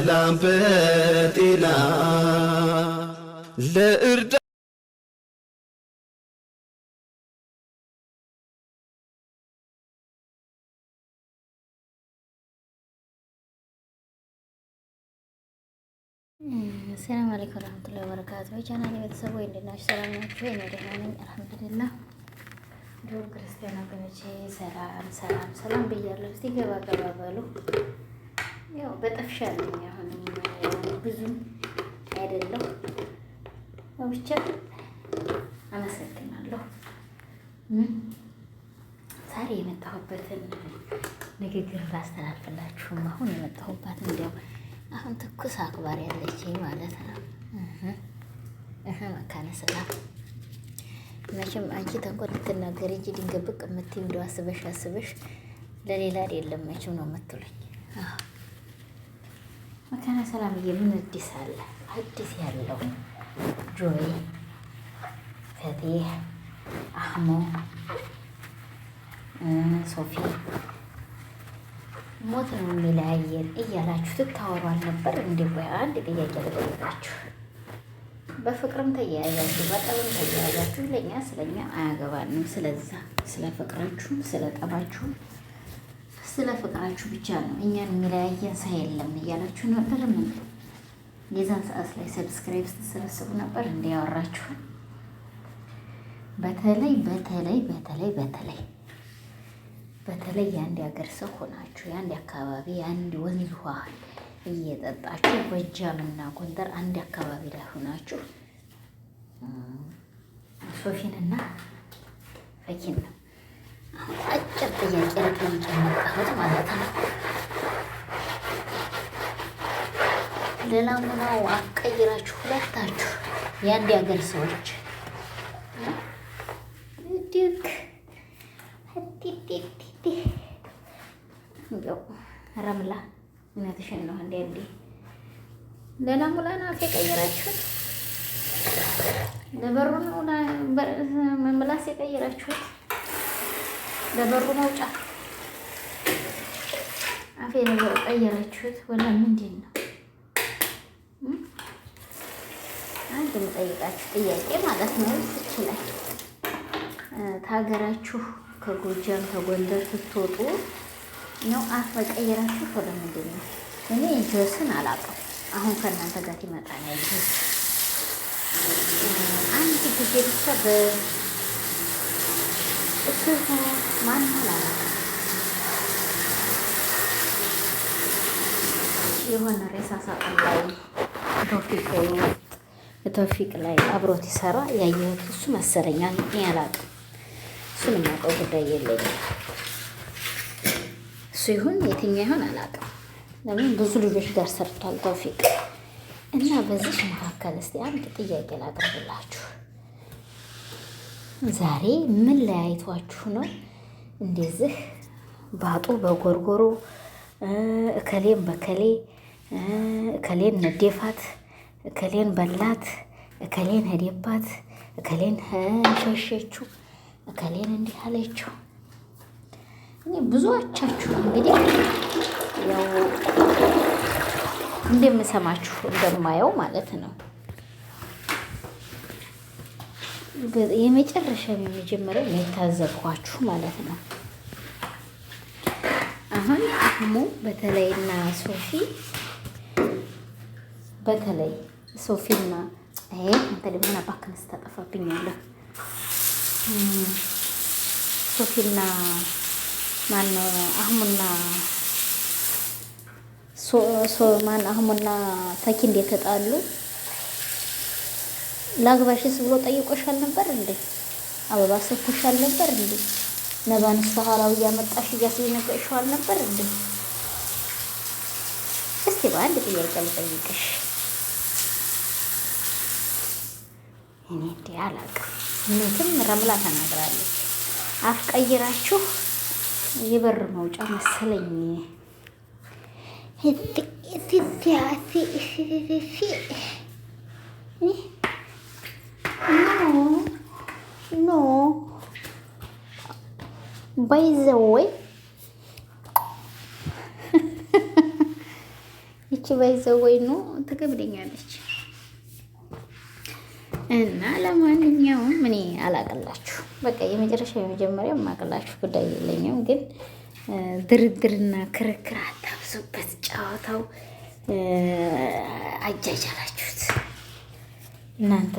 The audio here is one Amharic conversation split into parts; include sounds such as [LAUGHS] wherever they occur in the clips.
በሰላም በጤና ለእርዳ ሰላም አለይኩም ወራህመቱላሂ ወበረካቱ። ቻናሌ ቤተሰቦች እንዴት ናችሁ? ሰላም ናችሁ? እኔ ደህና ነኝ አልሐምዱሊላህ። እንዲሁም ክርስቲያን ወገኖቼ ሰላም ሰላም ሰላም ብያለሁ። እስቲ ገባ ገባ በሉ ያው በጠፍሻለኝ አሁንም ብዙም አይደለሁ ብቻ አመሰግናለሁ። ዛሬ የመጣሁበትን ንግግር ላስተላልፍላችሁም አሁን የመጣሁባት እንዲያው አሁን ትኩስ አክባሪ ያለች ማለት ነው። መካነ ሰላም መቼም አንቺ ተንኮል ልትናገሪ እንጂ ድንገት ብቅ እንደው አስበሽ አስበሽ ለሌላ አይደለም መቼም ነው የምትሉኝ። መካነ ሰላምዬ ምን አዲስ አለ? አዲስ ያለው ጆይ ፈቲህ፣ አህሞ፣ ሶፊ ሞት ነው የሚለያየን እያላችሁ ትታወሩ አልነበር እንዴ? አንድ ጥያቄ ልጠይቃችሁ። በፍቅርም ተያያዛችሁ፣ በጠብም ተያያዛችሁ፣ ለእኛ ስለኛ አያገባንም። ስለዛ ስለ ፍቅራችሁም ስለ ጠባችሁም ስለ ፍቅራችሁ ብቻ ነው እኛን የሚለያየን ሳ የለም እያላችሁ ነበር። ምን የዛን ሰዓት ላይ ሰብስክራይብ ስትሰበስቡ ነበር እንዲያወራችሁ። በተለይ በተለይ በተለይ በተለይ በተለይ የአንድ ሀገር ሰው ሆናችሁ የአንድ አካባቢ የአንድ ወንዝ ውሃ እየጠጣችሁ ጎጃምና ጎንደር አንድ አካባቢ ላይ ሆናችሁ ሶፊንና ፈኪን ነው አጭር ጥያቄ ለጠይቅ የመጣሁት ማለት ነው። ሌላ ምናው አቀይራችሁ ሁለታችሁ የአንድ ሀገር ሰዎች ድግ ረምላ እውነትሽን ነው። እንደ እንደ ሌላ ሙላና የቀየራችሁት ለበሩ ነው መምላስ የቀየራችሁት በበሩ መውጫ አፌ ነገር ቀየራችሁት ወላ ምንድን ነው? አንድ የምጠይቃችሁ ጥያቄ ማለት ነው ይችላል ታገራችሁ ከጎጃም ከጎንደር ስትወጡ ነው አፍ መቀየራችሁ ወደ ምንድን ነው? እኔ ጆስን አላውቅም። አሁን ከእናንተ ጋር ይመጣ አንድ ጊዜ ብቻ የሆነ ሬሳ ሳጥን ላይ ቶፊቅ ቶፊቅ ላይ አብሮት ይሰራ ያየሁት እሱ መሰለኝ። እኔ አላውቅም፣ እሱን የማውቀው ጉዳይ የለኝም። እሱ ይሁን ይሁን አላውቅም። ለምን ብዙ ልጆች ጋር ሰርቷል ቶፊቅ እና በዚህ መካከል እስቲ አንድ ጥያቄ ላቅርብላችሁ። ዛሬ ምን ለያይቷችሁ ነው እንደዚህ ባጡ በጎርጎሮ እከሌን በከሌ እከሌን ነዴፋት እከሌን በላት እከሌን ሄደባት እከሌን ሸሸችው እከሌን እንዲህ አለችው። እኔ ብዙዎቻችሁ እንግዲህ ያው እንደምሰማችሁ እንደማየው ማለት ነው የመጨረሻ የመጀመሪያው የታዘብኳችሁ ማለት ነው። አሁን አህሙ በተለይና ሶፊ በተለይ ሶፊና አንተ ደግሞ ምን አባክንስ ታጠፋብኛለህ? ሶፊና ማነው አህሙና ማን አህሙና ተኪ እንደተጣሉ ላግባሽስ ብሎ ጠይቆሻል ነበር እንዴ? አበባ ሰጥቶሻል ነበር እንዴ? ነባንስ ባህላዊ እያመጣሽ እያስደነገጥሽው ነበር እንዴ? እስቲ በአንድ ጥያቄ ልጠይቅሽ። እኔ እንዴ አላውቅም። እውነትም ረምላ ተናግራለች። አፍቀይራችሁ የበር መውጫ መሰለኝ እህ ኖ ባይዘወይ [LAUGHS] ይቺ ባይዘወይ ኖ ትገብደኛለች። እና ለማንኛውም እኔ አላቅላችሁ በቃ የመጨረሻ የመጀመሪያ ማቅላችሁ ጉዳይ የለኝም፣ ግን ድርድርና ክርክር አታብዙበት። ጨዋታው አጃጃላችሁት እናንተ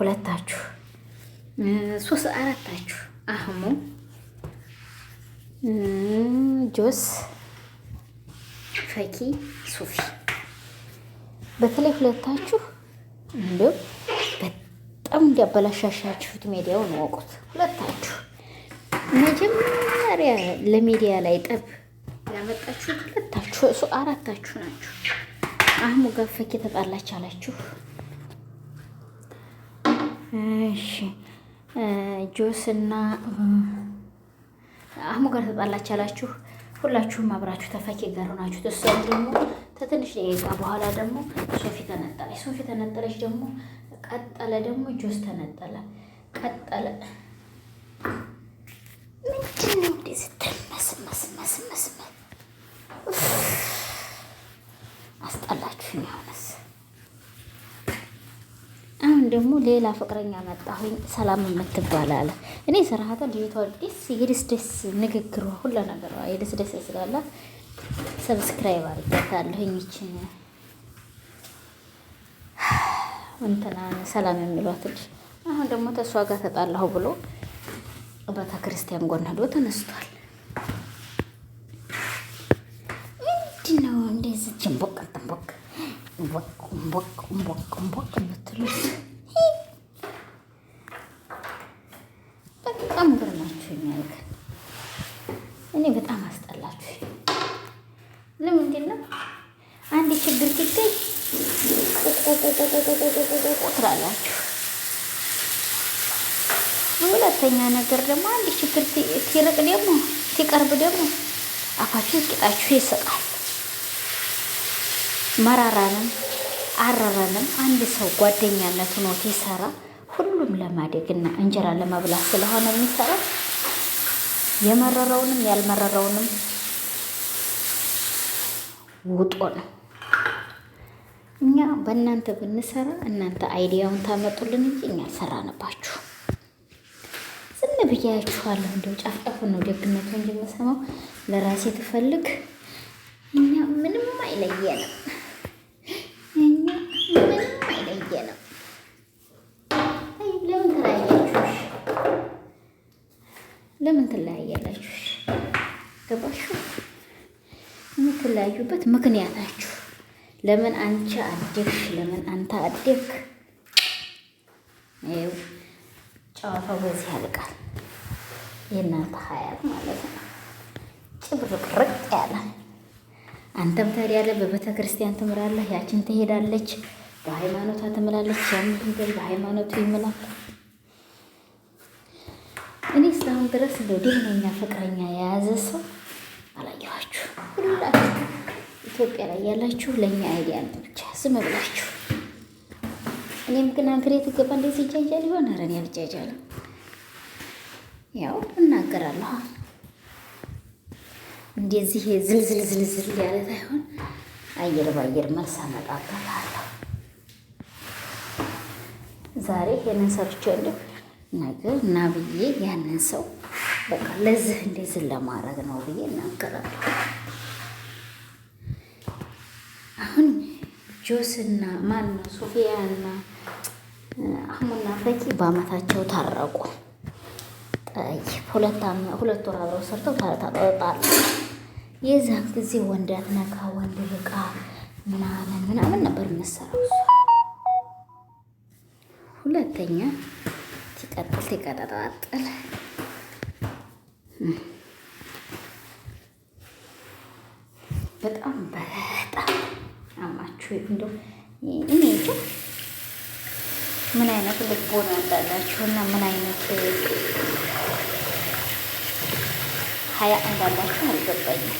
ሁለታችሁ ሶስት አራታችሁ አህሙ ጆስ ፈኪ ሱፊ በተለይ ሁለታችሁ እንዲያው በጣም እንዲያበላሻሻችሁት ሜዲያውን ወቁት። ሁለታችሁ መጀመሪያ ለሚዲያ ላይ ጠብ ያመጣችሁት ሁለታችሁ እሱ አራታችሁ ናችሁ። አህሙ ጋር ፈኪ ተጣላች አላችሁ። እሺ ጆስ እና አህሙ ጋር ተጣላች ያላችሁ ሁላችሁም አብራችሁ ተፈኪ ጋር ሆናችሁ ተሰሩ። ደግሞ ተትንሽ ደቂቃ በኋላ ደግሞ ሶፊ ተነጠለች። ሶፊ ተነጠለች ደግሞ ቀጠለ፣ ደግሞ ጆስ ተነጠለ፣ ቀጠለ። ምንድን ነው እንደ ስትል መስመስመስመስመ አስጠላችሁኛል። ደግሞ ሌላ ፍቅረኛ መጣሁኝ ሰላም የምትባል አለ። እኔ ስርሀተ ልጅቷ ደስ የደስደስ ንግግሯ ሁሉ ነገሯ የደስደስ ስላላት ሰብስክራይብ አድርጌታለሁ። ይችን እንትና ሰላም የሚሏት ልጅ አሁን ደግሞ ተሷ ጋር ተጣላሁ ብሎ ቤተ ክርስቲያን ጎን ሄዶ ተነስቷል። ምንድን ነው እንደዚህ ጭንቦቅ ጥንቦቅ እምቦቅ እምቦቅ እምቦቅ እምቦቅ የምትሉት? ሁለተኛ ነገር ደግሞ አንድ ችግር ሲርቅ ደግሞ ሲቀርብ ደግሞ አፋችሁ ቂጣችሁ ይስቃል። መራራንም አረረንም አንድ ሰው ጓደኛነት ሆኖ ሲሰራ ሁሉም ለማደግና እንጀራ ለመብላት ስለሆነ የሚሰራ የመረረውንም ያልመረረውንም ውጦ ነው። እኛ በእናንተ ብንሰራ እናንተ አይዲያውን ታመጡልን እንጂ እኛ አልሰራንባችሁ። ብያችኋለሁ። እንደው ጫፍጫፉ ነው ደግነቱ እንጂ የምሰማው ለራሴ ትፈልግ እኛ ምንም አይለየንም፣ እኛ ምንም አይለየንም። ለምን ተለያያችሁሽ? ለምን ገባችሁ? የምትለያዩበት ምክንያታችሁ ለምን አንቺ አደግሽ፣ ለምን አንተ አደግ ጨዋታው በዚህ ያልቃል። የእናንተ ሀያል ማለት ነው። ጭብርቅርቅ ያለ አንተም ትሄዳለህ፣ በቤተ ክርስቲያን ትምራለህ፣ ያችን ትሄዳለች፣ በሃይማኖቷ ትምላለች፣ ያም ትሄዳል፣ በሃይማኖቱ ይምላል። እኔ እስካሁን ድረስ እንደ ደህነኛ ፍቅረኛ የያዘ ሰው አላየኋችሁ። ሁላችሁ ኢትዮጵያ ላይ ያላችሁ ለእኛ አይዲያ ብቻ ዝም ብላችሁ እኔም ግን ሀገሬ ትገባ እንደዚህ ይጃጃል ይሆን? ኧረ እኔ አልጃጃልም፣ ያው እናገራለሁ። እንደዚህ ዝልዝል ዝልዝል ያለ አይሆን አየር በአየር መልስ አመጣበታለሁ። ዛሬ ይሄንን ሰርቼዋለሁ፣ ነገ እና ብዬ ያንን ሰው በቃ ለዚህ እንደዚህ ለማድረግ ነው ብዬ እናገራለሁ። አሁን ጆስና ማን ነው ሶፊያና አህሙና ፈኪ በአመታቸው ታረቁ። ሁለት ወር አብረው ሰርተው ታረጣሉ። የዛን ጊዜ ወንድ አትነካ ወንድ ልቃ ምናምን ምናምን ነበር የምሰራው። ሁለተኛ ሲቀጥል ሲቀጠጣጥል በጣም በጣም አማችሁ እንደው እኔ ምን አይነት ልቦና እንዳላችሁ እና ምን አይነት ሀያ እንዳላችሁ አልገባኝም።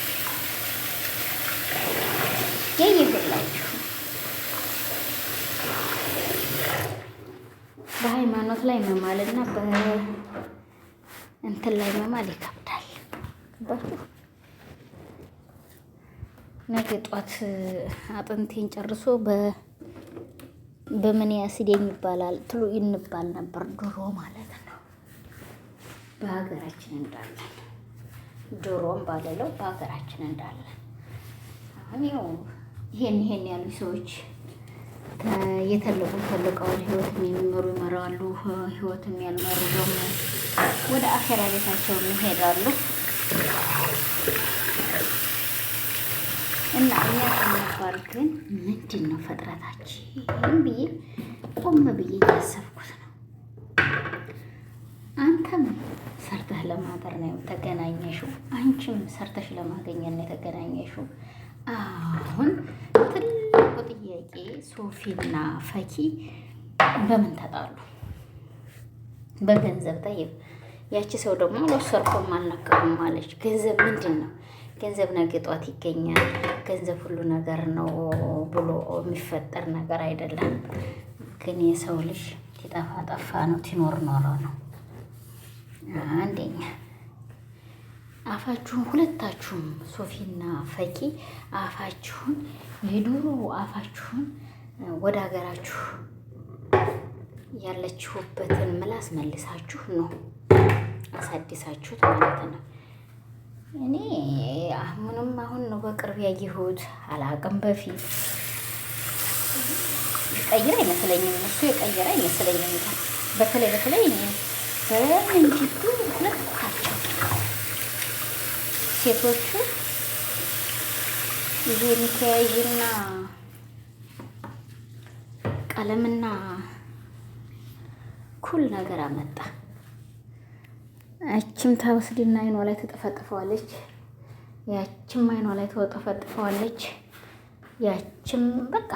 የይብላችሁ በሃይማኖት ላይ መማል እና በእንትን ላይ መማል ይከብዳል። ነገ ጧት አጥንቴን ጨርሶ በ በምን ያስደኝ ይባላል ትሉ ይንባል ነበር ድሮ ማለት ነው። በሀገራችን እንዳለን ድሮም ባለለው በሀገራችን እንዳለን አሁን ያው ይሄን ይሄን ያሉ ሰዎች የተለቁ ተለቀዋል። ህይወትም የሚመሩ ይመራሉ፣ ህይወትም ያልመሩ ደግሞ ወደ አኼራ ቤታቸውን ይሄዳሉ። እና እኛ ከመባል ግን ምንድን ነው ፈጥረታችን ብዬ ቆም ብዬ እያሰብኩት ነው። አንተም ሰርተህ ለማደር ነው የተገናኘሽው፣ አንቺም ሰርተሽ ለማገኘት ነው የተገናኘሽው። አሁን ትልቁ ጥያቄ ሶፊና ፈኪ በምን ተጣሉ? በገንዘብ ጠይብ። ያቺ ሰው ደግሞ ሰርቆም አልነካሁም አለች። ገንዘብ ምንድን ነው ገንዘብ ነገ ይገኛል። ገንዘብ ሁሉ ነገር ነው ብሎ የሚፈጠር ነገር አይደለም። ግን የሰው ልጅ ሊጠፋ ጠፋ ነው፣ ቲኖር ኖረ ነው። አንደኛ አፋችሁን ሁለታችሁም ሶፊና ፈቂ አፋችሁን የዱሮ አፋችሁን ወደ ሀገራችሁ ያለችሁበትን ምላስ መልሳችሁ ነው አሳድሳችሁት ማለት ነው። እኔ ምንም አሁን ነው በቅርብ ያየሁት፣ አላቅም በፊት ቀይር አይመስለኝም። እሱ የቀየረ አይመስለኝም። በተለይ በተለይ በምንጅቱ ሴቶቹ ይሄ የሚተያይና ቀለምና ኩል ነገር አመጣ። አችም ታወስድና አይኗ ላይ ተጠፈጥፈዋለች። ያችም አይኗ ላይ ተጠፈጥፈዋለች። ያችም በቃ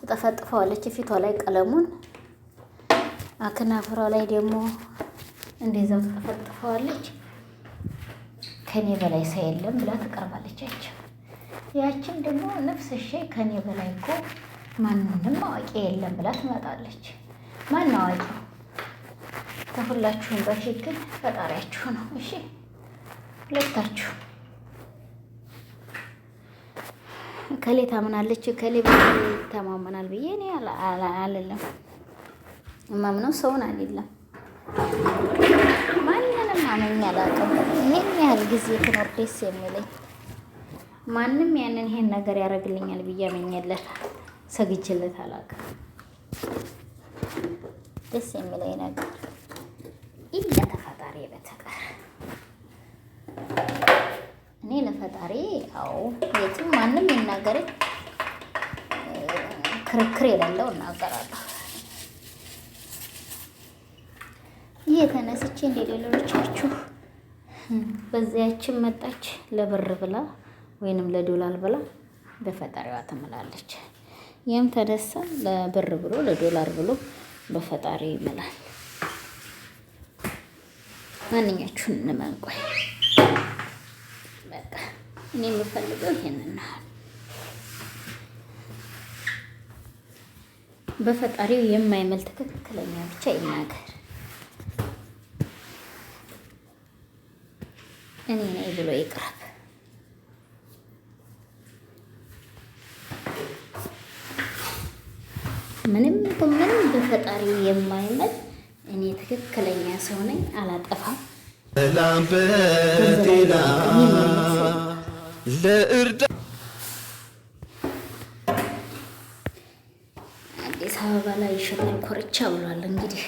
ተጠፈጥፈዋለች። ፊቷ ላይ ቀለሙን አክናፍሯ ላይ ደግሞ እንደዛው ተጠፈጥፈዋለች። ከኔ በላይ ሰው የለም ብላ ትቀርባለች። ያችም ያችም ደግሞ ነፍስ እሺ ከኔ በላይ እኮ ማንንም አዋቂ የለም ብላ ትመጣለች። ማን አዋቂ ከሁላችሁም በፊት ግን ፈጣሪያችሁ ነው። እሺ ሁለታችሁ ከሌ ታምናለች ከሌ ይተማመናል ብዬ እኔ አልልም። የማምነው ሰውን አልልም። ማንንም አመኝ አላውቅም። ይህን ያህል ጊዜ ትኖር ደስ የሚለኝ ማንም ያንን ይሄን ነገር ያደርግልኛል ብዬ አመኘለት ሰግጅለት አላውቅም። ደስ የሚለኝ ነገር ኢለ ከፈጣሪ በተቀር እኔ ለፈጣሪ አዎ የትም ማንም ይናገር ክርክር የሌለው እናገራለሁ። ይህ የተነስቼ እንደ ሌሎቻችሁ በዚያችን መጣች ለብር ብላ ወይንም ለዶላር ብላ በፈጣሪዋ ትምላለች። ይህም ተነሳ ለብር ብሎ ለዶላር ብሎ በፈጣሪ ይምላል። ማንኛችሁን እንመንቆይ። በቃ እኔ የምፈልገው ይሄንን በፈጣሪው የማይመል ትክክለኛ ብቻ ይናገር። እኔ ነኝ ብሎ ይቅረብ። ምንም ምንም በፈጣሪው የማይመል እኔ ትክክለኛ ሰው ነኝ፣ አላጠፋም። ላምበቴና ለእርዳ አዲስ አበባ ላይ ይሸጣል ኮርቻ ብሏል እንግዲህ